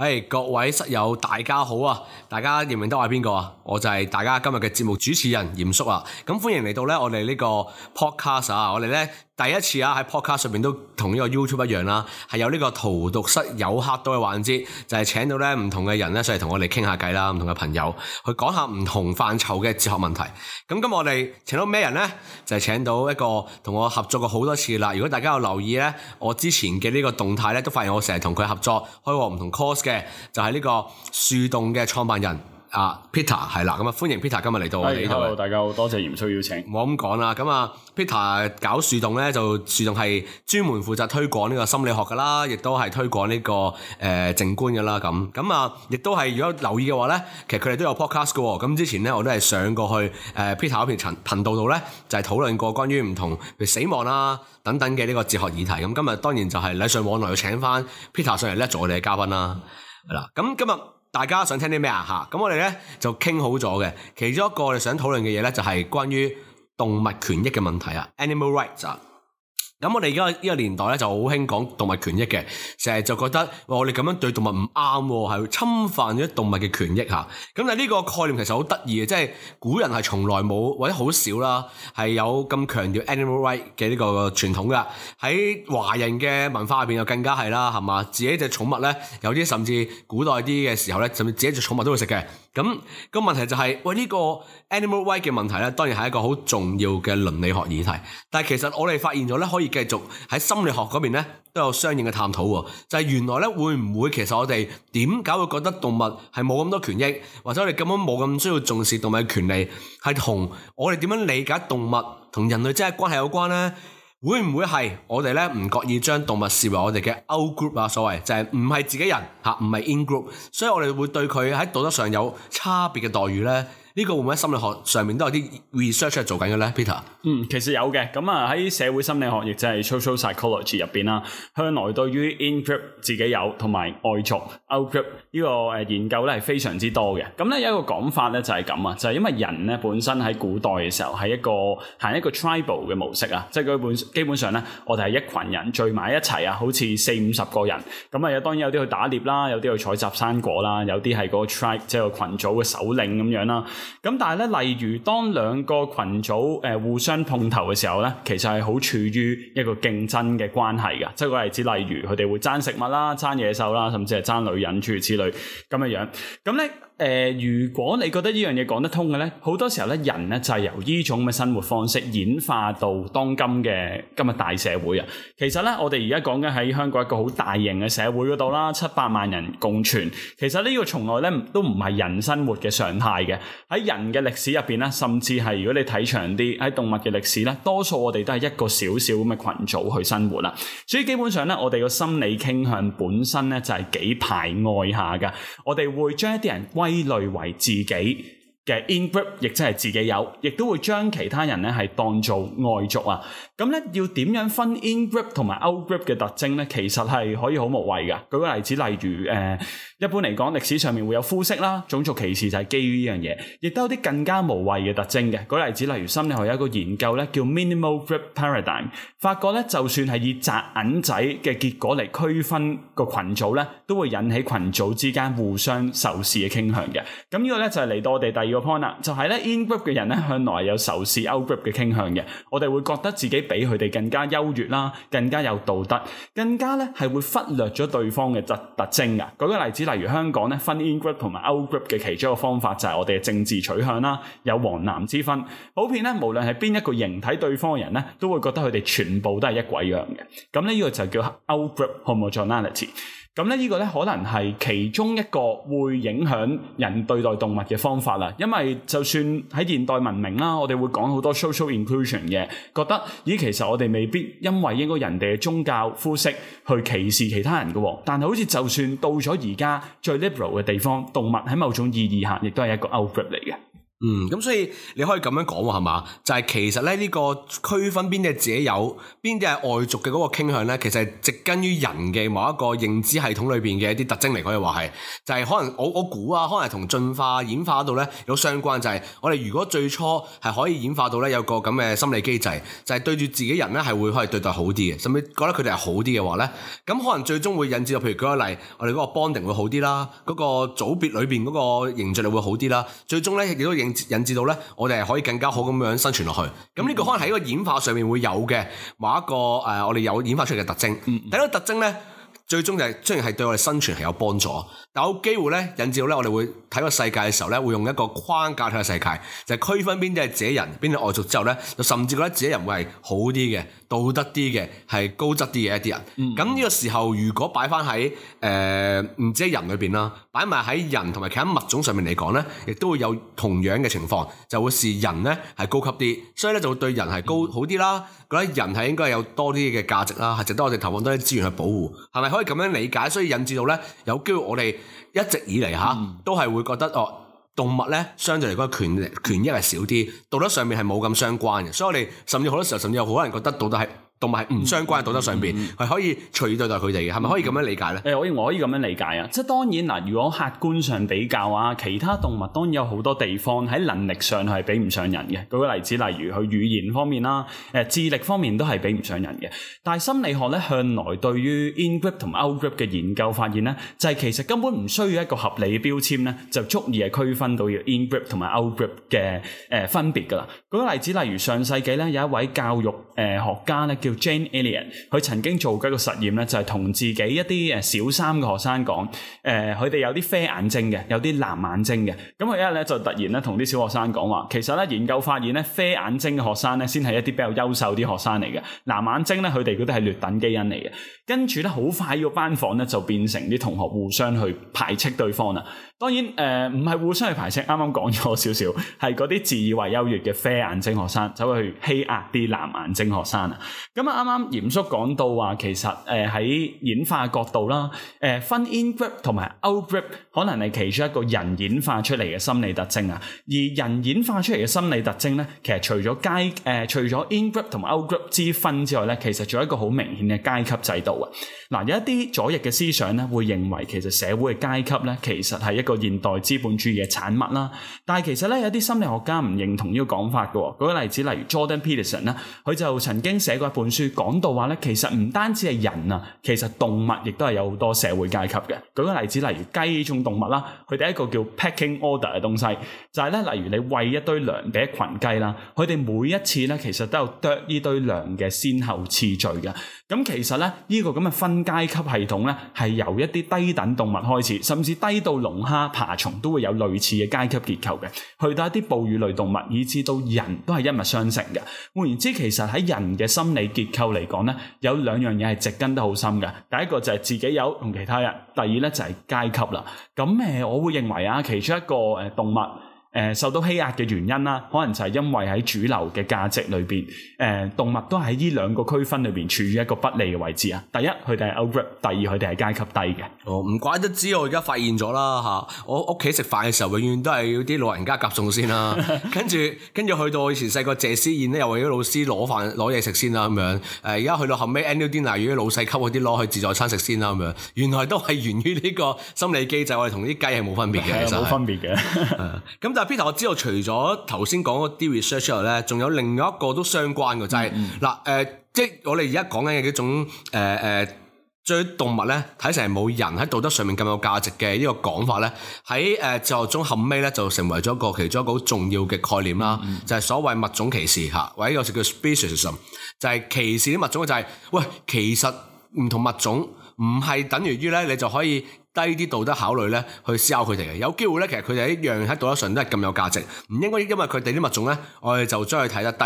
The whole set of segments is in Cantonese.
Hey, 各位室友大家好啊！大家認唔認得我係邊個啊？我就係大家今日嘅節目主持人鹽叔啊！咁歡迎嚟到咧，我哋呢個 podcast 啊，我哋呢。第一次啊，喺 podcast 上面都同呢個 YouTube 一樣啦，係有呢個荼毒室有客多嘅環節，就係、是、請到咧唔同嘅人咧，上嚟同我哋傾下偈啦，唔同嘅朋友去講下唔同範疇嘅哲學問題。咁咁，我哋請到咩人咧？就係、是、請到一個同我合作過好多次啦。如果大家有留意咧，我之前嘅呢個動態咧，都發現我成日同佢合作開過唔同 course 嘅，就係、是、呢個樹洞嘅創辦人。啊，Peter 係啦，咁啊，歡迎 Peter 今日嚟到我哋呢度。大家好，大家好多謝鹽叔邀請。唔好咁講啦，咁啊，Peter 搞樹洞咧，就樹洞係專門負責推廣呢個心理學噶啦,、這個呃啦，亦都係推廣呢個誒靜觀噶啦，咁咁啊，亦都係如果留意嘅話咧，其實佢哋都有 podcast 噶、哦。咁之前咧，我都係上過去誒 Peter 嗰片頻道度咧，就係、是、討論過關於唔同，譬如死亡啦、啊、等等嘅呢個哲學議題。咁今日當然就係禮尚往來，要請翻 Peter 上嚟叻做我哋嘅嘉賓啦。嗱、嗯，咁今日。大家想聽啲咩啊？吓，咁我哋呢就傾好咗嘅，其中一個我哋想討論嘅嘢，呢就係關於動物權益嘅問題啊，animal rights。咁我哋而家呢個年代咧就好興講動物權益嘅，成日就覺得我哋咁樣對動物唔啱喎，係會侵犯咗動物嘅權益吓。咁但係呢個概念其實好得意嘅，即係古人係從來冇或者好少啦，係有咁強調 animal right 嘅呢個傳統噶。喺華人嘅文化入邊就更加係啦，係嘛？自己一隻寵物咧，有啲甚至古代啲嘅時候咧，甚至自己隻寵物都會食嘅。咁個問題就係、是，喂呢、這個 animal right 嘅問題咧，當然係一個好重要嘅倫理學議題。但係其實我哋發現咗咧，可以繼續喺心理學嗰邊咧都有相應嘅探討喎。就係、是、原來咧會唔會其實我哋點解會覺得動物係冇咁多權益，或者我哋根本冇咁需要重視動物嘅權利，係同我哋點樣理解動物同人類真係關係有關咧？會唔會係我哋咧唔覺意將動物視為我哋嘅 out group 啊？所謂就係唔係自己人吓，唔係 in group，所以我哋會對佢喺道德上有差別嘅待遇咧。呢個會唔會喺心理學上面都有啲 research 係做緊嘅咧，Peter？嗯，其實有嘅。咁啊，喺社會心理學亦即係 social psychology 入邊啦，向來對於 in group 自己有同埋外族 out group 呢個誒研究咧係非常之多嘅。咁咧有一個講法咧就係咁啊，就係、是、因為人咧本身喺古代嘅時候係一個行一個 tribal 嘅模式啊，即係佢本基本上咧我哋係一群人聚埋一齊啊，好似四五十個人。咁啊，有當然有啲去打獵啦，有啲去採集生果啦，有啲係個 tribe 即係群組嘅首領咁樣啦。咁但係咧，例如當兩個群組誒、呃、互相碰頭嘅時候咧，其實係好處於一個競爭嘅關係嘅。即係個例子，例如佢哋會爭食物啦、爭野獸啦，甚至係爭女人諸如此類咁嘅樣。咁咧，誒、呃，如果你覺得呢樣嘢講得通嘅咧，好多時候咧，人咧就係由呢種嘅生活方式演化到當今嘅今日大社會啊。其實咧，我哋而家講緊喺香港一個好大型嘅社會嗰度啦，七百萬人共存，其實呢、這個從來咧都唔係人生活嘅常態嘅。喺人嘅歷史入邊咧，甚至係如果你睇長啲，喺動物嘅歷史咧，多數我哋都係一個小小咁嘅群組去生活啦。所以基本上咧，我哋嘅心理傾向本身咧就係幾排外下㗎，我哋會將一啲人歸類為自己嘅 in group 亦即係自己有，亦都會將其他人咧係當做外族啊。咁咧要點樣分 in group 同埋 out group 嘅特徵咧？其實係可以好無謂噶。舉個例子，例如誒、呃、一般嚟講歷史上面會有膚色啦、種族歧視就係基於呢樣嘢。亦都有啲更加無謂嘅特徵嘅。舉個例子，例如心理學有一個研究咧，叫 minimal group paradigm，發覺咧就算係以擲銀仔嘅結果嚟區分個群組咧，都會引起群組之間互相仇視嘅傾向嘅。咁呢個咧就係、是、嚟到我哋第二 Point, 就係咧，in group 嘅人咧向來有仇視 out group 嘅傾向嘅，我哋會覺得自己比佢哋更加優越啦，更加有道德，更加咧係會忽略咗對方嘅特特徵啊！舉個例子，例如香港咧分 in group 同埋 out group 嘅其中一個方法就係我哋嘅政治取向啦，有黃藍之分。普遍咧，無論係邊一個形體對方嘅人咧，都會覺得佢哋全部都係一鬼樣嘅。咁呢個就叫 out group homogeneity。咁咧，依個可能係其中一個會影響人對待動物嘅方法啦。因為就算喺現代文明啦、啊，我哋會講好多 social inclusion 嘅，覺得咦，其實我哋未必因為應該人哋嘅宗教、膚色去歧視其他人嘅。但係好似就算到咗而家最 liberal 嘅地方，動物喺某種意義下亦都係一個 outgroup 嚟嘅。嗯，咁所以你可以咁樣講喎，係嘛？就係、是、其實咧呢、呢個區分邊啲係自己有，邊啲係外族嘅嗰個傾向咧，其實係植根於人嘅某一個認知系統裏邊嘅一啲特徵嚟，可以話係，就係、是、可能我我估啊，可能係同進化演化到咧有相關，就係我哋如果最初係可以演化到咧有個咁嘅心理機制，就係、是、對住自己人咧係會可以對待好啲嘅，甚至覺得佢哋係好啲嘅話咧，咁可能最終會引致到，到譬如舉個例，我哋嗰個 bonding 會好啲啦，嗰、嗰個組別裏邊嗰個凝聚力會好啲啦，最終咧亦都影。引致到咧，我哋係可以更加好咁樣生存落去。咁呢個可能喺一個演化上面會有嘅某一個誒、呃，我哋有演化出嚟嘅特徵。睇到、嗯嗯、個特徵咧，最終就係雖然係對我哋生存係有幫助，但有機會咧，引致到咧我哋會睇個世界嘅時候咧，會用一個框架睇個世界，就係區分邊啲係自己人，邊啲外族。之後咧，就甚至覺得自己人會係好啲嘅。道德啲嘅係高質啲嘅一啲人，咁呢、嗯、個時候如果擺翻喺誒唔知人裏邊啦，擺埋喺人同埋其他物種上面嚟講咧，亦都會有同樣嘅情況，就會視人呢是人咧係高級啲，所以咧就會對人係高、嗯、好啲啦。覺得人係應該有多啲嘅價值啦，係值得我哋投放多啲資源去保護，係咪可以咁樣理解？所以引致到咧有機會我哋一直以嚟吓、嗯、都係會覺得哦。動物呢，相對嚟講權利權益係少啲，道德上面係冇咁相關嘅，所以我哋甚至好多時候甚至有好多人覺得道德係。動物係唔相關道德上邊，係、嗯、可以隨意對待佢哋嘅，係咪可以咁樣理解咧？誒，可以，我可以咁樣理解啊！即係當然嗱，如果客觀上比較啊，其他動物當然有好多地方喺能力上係比唔上人嘅。舉個例子，例如佢語言方面啦，誒、呃、智力方面都係比唔上人嘅。但係心理學咧向來對於 in group 同埋 out group 嘅研究發現咧，就係、是、其實根本唔需要一個合理嘅標籤咧，就足以係區分到要 in group 同埋 out group 嘅誒分別㗎啦。舉個例子，例如上世紀咧有一位教育誒、呃、學家咧叫叫 Jane Elliot，佢曾經做過一個實驗咧，就係同自己一啲誒小三嘅學生講，誒佢哋有啲啡眼睛嘅，有啲藍眼睛嘅。咁佢一日咧就突然咧同啲小學生講話，其實咧研究發現咧，啡眼睛嘅學生咧先係一啲比較優秀啲學生嚟嘅，藍眼睛咧佢哋嗰啲係劣等基因嚟嘅。跟住咧好快，個班房咧就變成啲同學互相去排斥對方啦。當然誒，唔係互相去排斥，啱啱講咗少少，係嗰啲自以為優越嘅啡眼睛學生走去欺壓啲藍眼睛學生啊！咁啱啱鹽叔講到話，其實誒喺、呃、演化角度啦，誒、呃、分 in group 同埋 out group 可能係其中一個人演化出嚟嘅心理特徵啊。而人演化出嚟嘅心理特徵咧，其實除咗階誒、呃、除咗 in group 同埋 out group 之分之外咧，其實仲有一個好明顯嘅階級制度啊。嗱、呃，有一啲左翼嘅思想咧，會認為其實社會嘅階級咧，其實係一個現代資本主義嘅產物啦。但係其實咧，有啲心理學家唔認同呢個講法嘅、哦。舉個例子，例如 Jordan Peterson 啦，佢就曾經寫過一本。講到話咧，其實唔單止係人啊，其實動物亦都係有好多社會階級嘅。舉個例子，例如雞呢種動物啦，佢哋一個叫 pecking order 嘅東西，就係咧，例如你餵一堆糧俾一群雞啦，佢哋每一次咧，其實都有啄呢堆糧嘅先後次序嘅。咁其實咧，呢個咁嘅分階級系統咧，係由一啲低等動物開始，甚至低到龍蝦、爬蟲都會有類似嘅階級結構嘅，去到一啲哺乳類動物，以至到人都係一脈相承嘅。換言之，其實喺人嘅心理。結構嚟講咧，有兩樣嘢，係植根得好深嘅。第一個就係自己有同其他人，第二咧就係階級啦。咁、嗯、誒，我會認為啊，其中一個誒動物。誒受到欺壓嘅原因啦，可能就係因為喺主流嘅價值裏邊，誒動物都喺呢兩個區分裏邊處於一個不利嘅位置啊！第一佢哋係 outgroup，第二佢哋係階級低嘅。哦，唔怪得知我而家發現咗啦嚇！我屋企食飯嘅時候，永遠都係要啲老人家夾餸先啦，跟住跟住去到我以前細個謝師宴咧，又為咗老師攞飯攞嘢食先啦咁樣。誒而家去到後尾 annual dinner，如果老細級嗰啲攞去自助餐食先啦咁樣，原來都係源於呢個心理機制，我哋同啲雞係冇分別嘅，冇分別嘅。咁就。Peter，我知道除咗頭先講嗰啲 research 之外咧，仲有另外一個都相關嘅，就係嗱誒，即係我哋而家講緊嘅嗰種誒誒將動物咧，睇成係冇人喺道德上面咁有價值嘅呢、呢個講法咧，喺誒哲學中後尾咧就成為咗一個其中一個好重要嘅概念啦，mm hmm. 就係所謂物種歧視嚇，或者有時叫 speciesism，就係歧視啲物種、就係，就係喂其實唔同物種唔係等於於咧，你就可以。低啲道德考慮咧，去思考佢哋嘅有機會咧，其實佢哋一樣喺道德上都係咁有價值，唔應該因為佢哋啲物種咧，我哋就將佢睇得低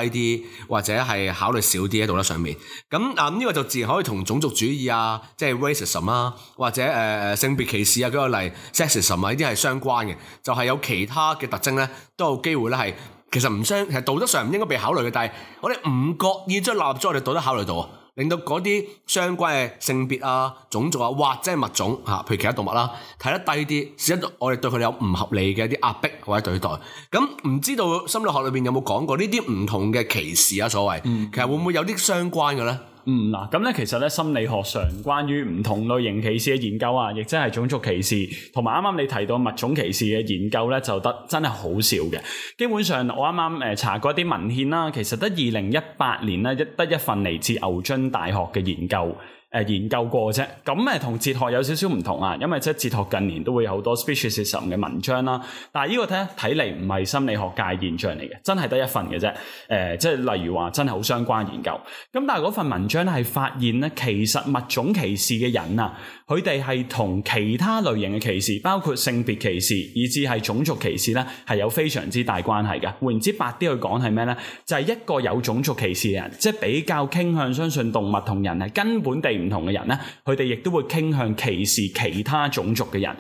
啲，或者係考慮少啲喺道德上面。咁嗱呢個就自然可以同種族主義啊，即係 racism 啊，或者誒、呃、性別歧視啊，舉、嗰個例 sexism 啊，呢啲係相關嘅，就係有其他嘅特徵咧，都有機會咧係其實唔相，其實道德上唔應該被考慮嘅，但係我哋唔覺意將納入咗我哋道德考慮到。令到嗰啲相關嘅性別啊、種族啊，或者物種啊，譬如其他動物啦、啊，睇得低啲，使得我哋對佢哋有唔合理嘅一啲壓迫或者對待。咁唔知道心理學裏面有冇講過呢啲唔同嘅歧視啊？所謂，其實會唔會有啲相關嘅呢？嗯，嗱，咁咧，其實咧，心理學上關於唔同類型歧視嘅研究啊，亦即係種族歧視，同埋啱啱你提到物種歧視嘅研究咧，就得真係好少嘅。基本上，我剛剛，我啱啱誒查過一啲文獻啦，啊，其實得二零一八年咧，一得一份嚟自牛津大學嘅研究。誒研究過啫，咁誒同哲學有少少唔同啊，因為即係哲學近年都會有好多 speciesism 嘅文章啦。但係呢個睇睇嚟唔係心理學界現象嚟嘅，真係得一份嘅啫。誒、呃，即係例如話真係好相關研究。咁但係嗰份文章係發現咧，其實物種歧視嘅人啊，佢哋係同其他類型嘅歧視，包括性別歧視以至係種族歧視咧，係有非常之大關係嘅。換言之，白啲去講係咩咧？就係、是、一個有種族歧視嘅人，即係比較傾向相信動物同人係根本地唔同嘅人咧，佢哋亦都會傾向歧視其他種族嘅人、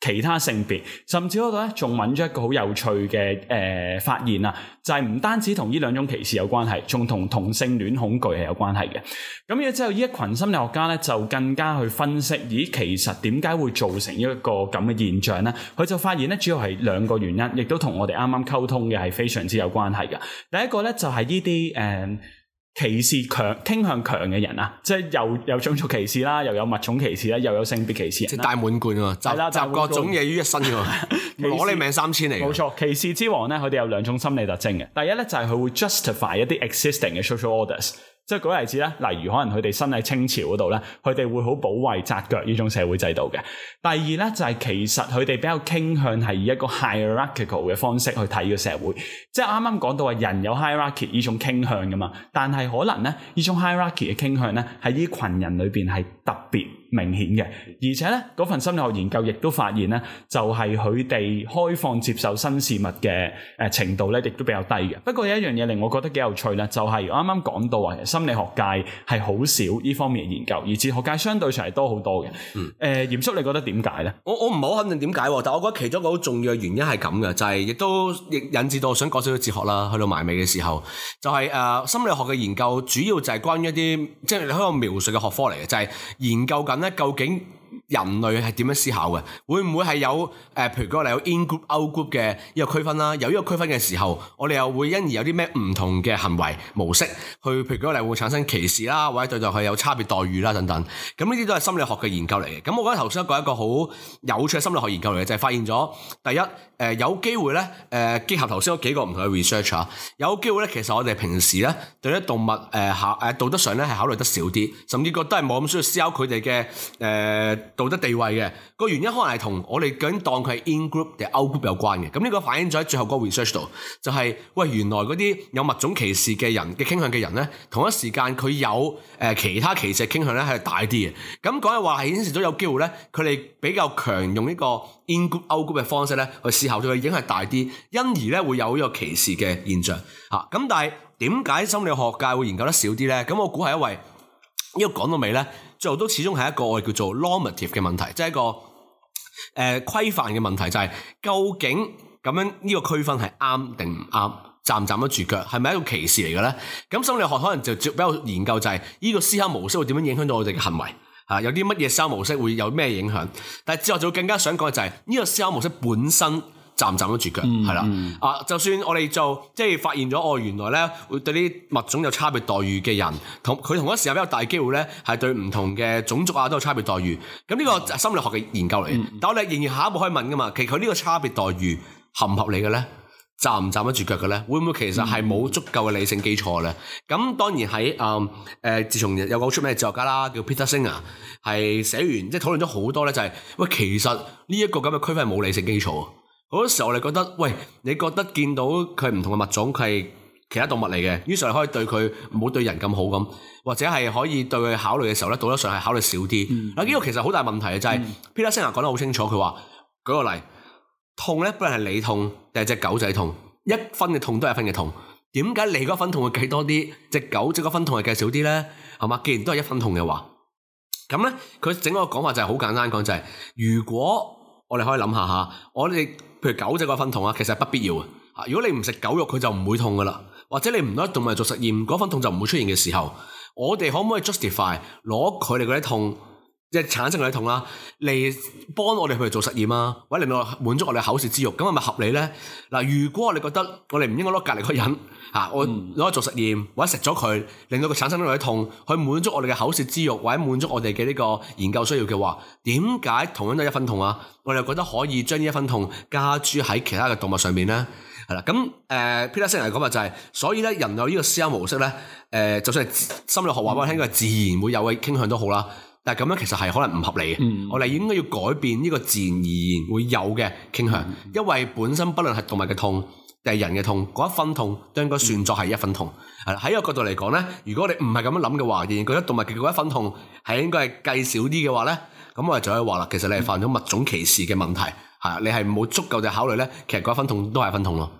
其他性別，甚至嗰度咧仲揾咗一個好有趣嘅誒、呃、發現啊！就係、是、唔單止同呢兩種歧視有關係，仲同同性戀恐懼係有關係嘅。咁嘅之後，呢一群心理學家咧就更加去分析，咦，其實點解會造成一個咁嘅現象咧？佢就發現咧，主要係兩個原因，亦都同我哋啱啱溝通嘅係非常之有關係嘅。第一個咧就係呢啲誒。呃歧視強，傾向強嘅人啊，即係又有種族歧視啦，又有物種歧視啦，又有性別歧視，即係大滿貫喎，集集各種嘢於一身嘅，攞你命三千嚟，冇錯，歧視之王咧，佢哋有兩種心理特徵嘅，第一咧就係佢會 justify 一啲 existing 嘅 social orders。即係舉例子啦，例如可能佢哋身喺清朝嗰度咧，佢哋會好保衞紮腳呢種社會制度嘅。第二咧就係、是、其實佢哋比較傾向係以一個 hierarchical 嘅方式去睇個社會，即係啱啱講到話人有 hierarchy 呢種傾向噶嘛，但係可能咧呢種 hierarchy 嘅傾向咧喺呢群人裏邊係特別明顯嘅，而且咧嗰份心理學研究亦都發現咧，就係佢哋開放接受新事物嘅誒程度咧，亦、呃、都比較低嘅。不過有一樣嘢令我覺得幾有趣咧，就係、是、我啱啱講到啊，心理學界係好少呢方面嘅研究，而哲學界相對上係多好多嘅。誒、嗯呃，鹽叔，你覺得點解咧？我我唔好肯定點解，但係我覺得其中一個好重要嘅原因係咁嘅，就係亦都引致到我想講少少哲學啦。去到埋尾嘅時候，就係、是、誒、呃、心理學嘅研究主要就係關於一啲即係你喺度描述嘅學科嚟嘅，就係、是、研究緊。咁究竟？人類係點樣思考嘅？會唔會係有誒？譬如講嚟有 in group out group 嘅呢個區分啦。有呢個區分嘅時候，我哋又會因而有啲咩唔同嘅行為模式，去譬如講嚟會產生歧視啦，或者對待佢有差別待遇啦等等。咁呢啲都係心理學嘅研究嚟嘅。咁我覺得頭先一個一個好有趣嘅心理學研究嚟嘅，就係發現咗第一誒，有機會咧誒，結合頭先嗰幾個唔同嘅 research 啊，有機會咧其實我哋平時咧對啲動物誒考誒道德上咧係考慮得少啲，甚至覺得係冇咁需要思考佢哋嘅誒。道德地位嘅個原因可能係同我哋究竟當佢係 in group 定 out group 有關嘅，咁呢個反映咗喺最後個 research 度，就係、是、原來嗰啲有物種歧視嘅人嘅傾向嘅人咧，同一時間佢有其他歧視嘅傾向咧係大啲嘅，咁講嘅話係顯示咗有機會咧，佢哋比較強用呢個 in group out group 嘅方式咧去思考，對佢影響大啲，因而咧會有呢個歧視嘅現象嚇。咁但係點解心理學界會研究得少啲咧？咁我估係因為。這個說呢個講到尾呢，最後都始終係一個我哋叫做 normative 嘅問題，即係一個誒規範嘅問題、就是，就係究竟咁樣呢個區分係啱定唔啱，站唔站得住腳，係咪一個歧視嚟嘅呢？咁心理學可能就比較研究就係、是、呢、這個思考模式會點樣影響到我哋嘅行為，嚇、啊、有啲乜嘢思考模式會有咩影響？但係哲學就更加想講嘅就係呢個思考模式本身。站唔站得住腳，係啦、嗯、啊！就算我哋就即係發現咗，哦，原來咧會對啲物種有差別待遇嘅人，同佢同一時候比較大機會咧，係對唔同嘅種族啊都有差別待遇。咁呢個心理學嘅研究嚟，嗯、但我哋仍然下一步可以問噶嘛？其實佢呢個差別待遇合唔合理嘅咧，站唔站得住腳嘅咧，會唔會其實係冇足夠嘅理性基礎咧？咁當然喺啊誒，自從有個好出名嘅哲學家啦，叫 Peter Singer，係寫完即係討論咗好多咧，就係、是、喂，其實呢一個咁嘅區分係冇理性基礎。好多時候我哋覺得，喂，你覺得見到佢唔同嘅物種，佢係其他動物嚟嘅，於是你可以對佢冇對人咁好咁，或者係可以對佢考慮嘅時候呢，道德上係考慮少啲。嗱、嗯，呢個其實好大的問題嘅就係 Peter Singer 講得好清楚，佢話舉個例，痛呢不論係你痛定係隻狗仔痛，一分嘅痛都係一分嘅痛。點解你嗰分痛係計多啲，隻狗即嗰分痛係計少啲呢？係嘛？既然都係一分痛嘅話，咁咧佢整個講法就係好簡單講，就係、是、如果我哋可以諗下嚇，我哋。譬如狗仔嗰份痛啊，其實係不必要嘅。如果你唔食狗肉，佢就唔會痛嘅啦。或者你唔攞動物做實驗，嗰份痛就唔會出現嘅時候，我哋可唔可以 justify 攞佢哋嗰啲痛？即係產生啲痛啊，嚟幫我哋去做實驗啊，或者令到滿足我哋口舌之欲。咁係咪合理咧？嗱，如果我哋覺得我哋唔應該攞隔離個人嚇，我攞去做實驗，或者食咗佢，令到佢產生啲痛，去滿足我哋嘅口舌之欲，或者滿足我哋嘅呢個研究需要嘅話，點解同樣都一分痛啊？我哋又覺得可以將呢一分痛加諸喺其他嘅動物上面咧，係啦，咁誒、就是，Peter Singer 嚟講啊，就係所以咧，人類有呢個思考模式咧，誒，就算係心理學話俾我聽，佢、嗯、自然會有嘅傾向都好啦。但係咁樣其實係可能唔合理嘅，嗯、我哋應該要改變呢個自然而然會有嘅傾向，嗯、因為本身不論係動物嘅痛定係人嘅痛，嗰一分痛都應該算作係一分痛。喺呢、嗯、個角度嚟講咧，如果你唔係咁樣諗嘅話，仍然覺得動物嘅嗰一分痛係應該係計少啲嘅話咧，咁我哋就可以話啦，其實你係犯咗物種歧視嘅問題，係你係冇足夠嘅考慮咧，其實嗰一分痛都係一分痛咯。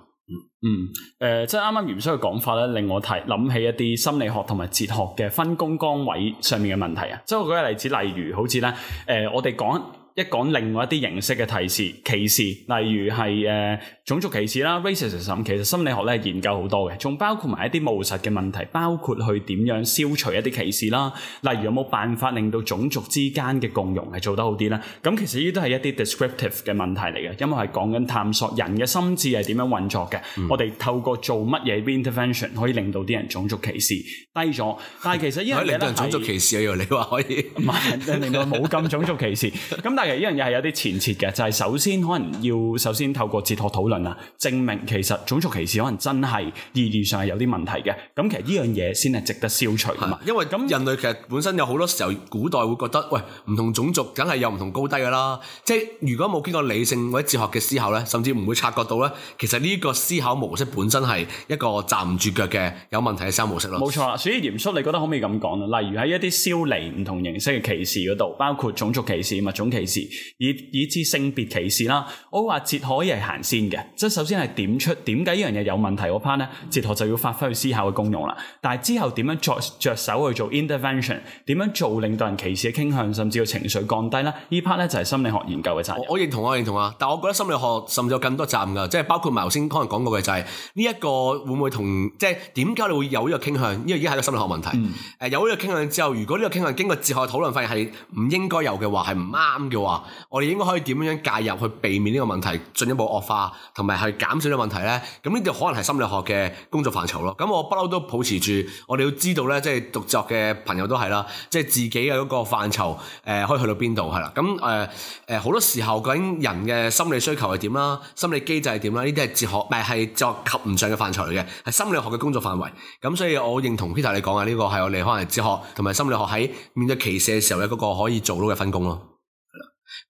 嗯，誒、呃，即係啱啱鹽叔嘅講法咧，令我睇諗起一啲心理學同埋哲學嘅分工崗位上面嘅問題啊，即係我舉個例子，例如好似咧，誒、呃，我哋講。一講另外一啲形式嘅歧視，歧視例如係誒種族歧視啦，racism，其實心理學咧係研究好多嘅，仲包括埋一啲務實嘅問題，包括去點樣消除一啲歧視啦。例如有冇辦法令到種族之間嘅共融係做得好啲咧？咁其實呢啲都係一啲 descriptive 嘅問題嚟嘅，因為係講緊探索人嘅心智係點樣運作嘅。我哋透過做乜嘢 intervention 可以令到啲人種族歧視低咗？但係其實因為可以令到人種族歧視，例如你話可以唔係令到冇咁種族歧視咁。但係，依樣嘢係有啲前設嘅，就係、是、首先可能要首先透過哲學討論啦，證明其實種族歧視可能真係意義上係有啲問題嘅。咁其實呢樣嘢先係值得消除嘅嘛。因為咁那人類其實本身有好多時候古代會覺得喂，唔同種族梗係有唔同高低㗎啦。即係如果冇經過理性或者哲學嘅思考咧，甚至唔會察覺到咧，其實呢個思考模式本身係一個站唔住腳嘅有問題嘅三模式咯。冇錯啦。所以嚴叔你覺得可唔可以咁講咧？例如喺一啲消弭唔同形式嘅歧視嗰度，包括種族歧視、物種歧視，以以知性別歧視啦，我話哲學可以係行先嘅，即係首先係點出點解呢樣嘢有問題嗰 part 咧，哲學就要發揮去思考嘅功用啦。但係之後點樣着著手去做 intervention，點樣做令到人歧視嘅傾向甚至要情緒降低咧？呢 part 咧就係心理學研究嘅責任。我認同、啊、我認同啊，但我覺得心理學甚至有更多站㗎，即係包括埋頭先可能講過嘅就係呢一個會唔會同即係點解你會有呢個傾向？因為依家係個心理學問題。誒、嗯、有呢個傾向之後，如果呢個傾向經過哲學討論發現係唔應該有嘅話，係唔啱嘅。話我哋應該可以點樣介入去避免呢個問題進一步惡化，同埋係減少呢個問題呢？咁呢度可能係心理學嘅工作範疇咯。咁我不嬲，都保持住，我哋要知道呢，即係讀作嘅朋友都係啦，即係自己嘅嗰個範疇誒、呃，可以去到邊度係啦。咁誒誒，好多時候究竟人嘅心理需求係點啦，心理機制係點啦？呢啲係哲學唔係作及唔上嘅範疇嚟嘅，係心理學嘅工作範圍。咁所以我認同 Peter 你講嘅呢個係我哋可能哲學同埋心理學喺面對歧視嘅時候咧，嗰個可以做到嘅分工咯。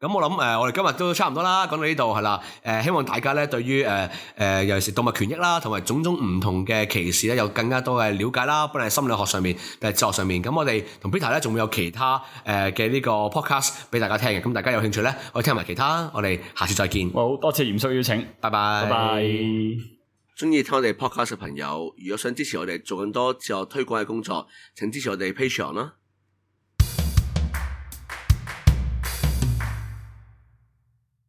咁我諗誒，我哋今日都差唔多啦，講到呢度係啦。誒、呃，希望大家咧對於誒誒，尤其是動物權益啦，同埋種種唔同嘅歧視咧，有更加多嘅了解啦，不論係心理學上面，定係哲學上面。咁我哋同 Peter 咧仲會有其他誒嘅呢個 podcast 俾大家聽嘅。咁大家有興趣咧，可以聽埋其他。我哋下次再見。好多謝鹽叔邀請，拜拜。拜拜。中意聽我哋 podcast 嘅朋友，如果想支持我哋做更多哲學推廣嘅工作，請支持我哋 Patreon 啦。